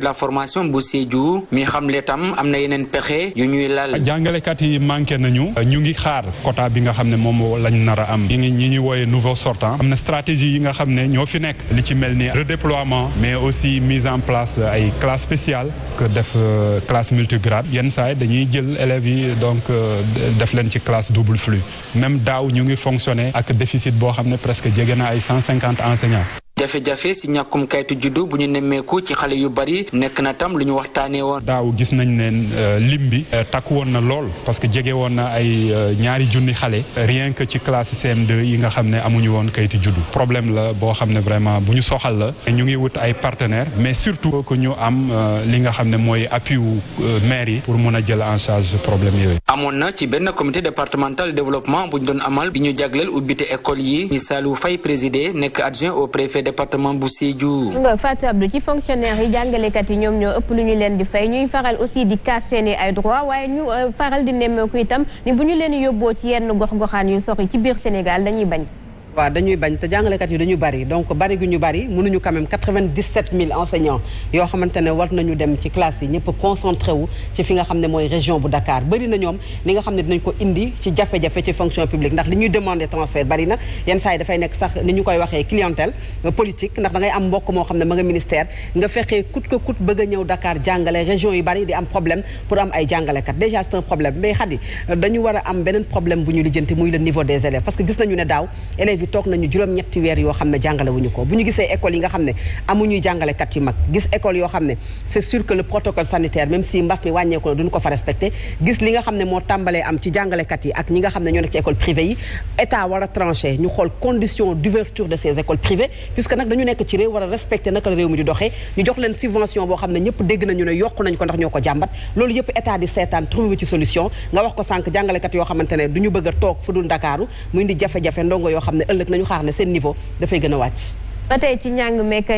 la formation bu Sédhiou mi xamle tam am na yeneen pexe yu ñuy lal. jàngalekat yi manqué nañu. ñu ngi xaar quota bi nga xam ne moom lañ nara am. ñi ñi ñuy wooyee nouveau sortant. am na stratégie yi nga xam ne ñoo fi nekk. li ci mel ni redéploiement. mais aussi mise en place ay classe spéciale que def euh, classe multigrade yenn saa dañuy jël élèves yi donc euh, def leen ci classe double flux. même daaw ñu ngi fonctionner ak déficit boo xam ne presque jege na ay cent cinquante enseignants. jafe-jafe si ñàkkum kayitu juddu bu ñu nemmeeku ci xale yu bari nekk na tam lu waxtaanee woon. daaw gis nañ ne euh, lim bi euh, woon na lool parce que jege woon na ay euh, ñaari junni xale rien que ci classe cm yi nga xam ne amuñu woon kayitu juddu problème la boo xam ne vraiment bu ñu soxal la ñu ngi wut ay partenaire mais surtout que ñu am li nga xam ne mooy appui wu maire yi pour mën a jël en charge problème yooyu. amoon na ci benn comité départemental de département bu Sédhiou. nga Fatou Abdou ci fonctionnaire yi jàngalekat yi ñoom ñoo ëpp lu ñu leen di fay ñuy faral aussi di kaas seeni ay droit waaye ñu euh, faral di nemmeeku itam ni bu ñu leen yóbboo ci yenn gox-goxaan yu sori ci biir Sénégal dañuy bañ. waaw dañuy bañ te jàngalekat yi dañu bari donc bari gu ñu bari mënuñu quand même 97000 enseignants yoo xamante ne war nañu dem ci classe yi ñëpp wu fi nga xam ne mooy région bu Dakar bari na ñoom nga xam ne dinañ ko indi ci jafe-jafe ci fonction ndax li ñuy demander transfert bari na yenn saa yi dafay nekk sax ñu koy waxee clientèle euh, politique ndax da ngay am mbokk moo xam ne ma nga ministère nga fexee coûte que coûte bëgg a ñëw Dakar jàngale région yu bari di am problème pour am ay jàngalekat déjà c'est un problème mais xadi euh, dañu war a am beneen problème bu ñu lijjanti muy le niveau des élèves parce que gis nañu ne daaw élèves yi toog nañu juróom-ñetti weer yoo xam ne jàngale wuñu ko bu ñu gisee école yi nga xam ne amuñuy jàngalekat yu mag gis école yoo xam ne moo tàmbalee am ci jàngalekat yi ak ñi nga xam ne ñoo nekk ci école privée yi état war tranché ñu xool condition d'ouverture de ces écoles privées puisque nag dañu nekk ci réew war a naka la réew mi di doxee ñu jox leen subvention boo xam ne ñëpp dégg nañu ne yokku nañ ko ndax ñoo ko jàmbat loolu yëpp état di ëllëg nañu xaar ne seen niveau dafay gën a wàcc. ba tey ci njàng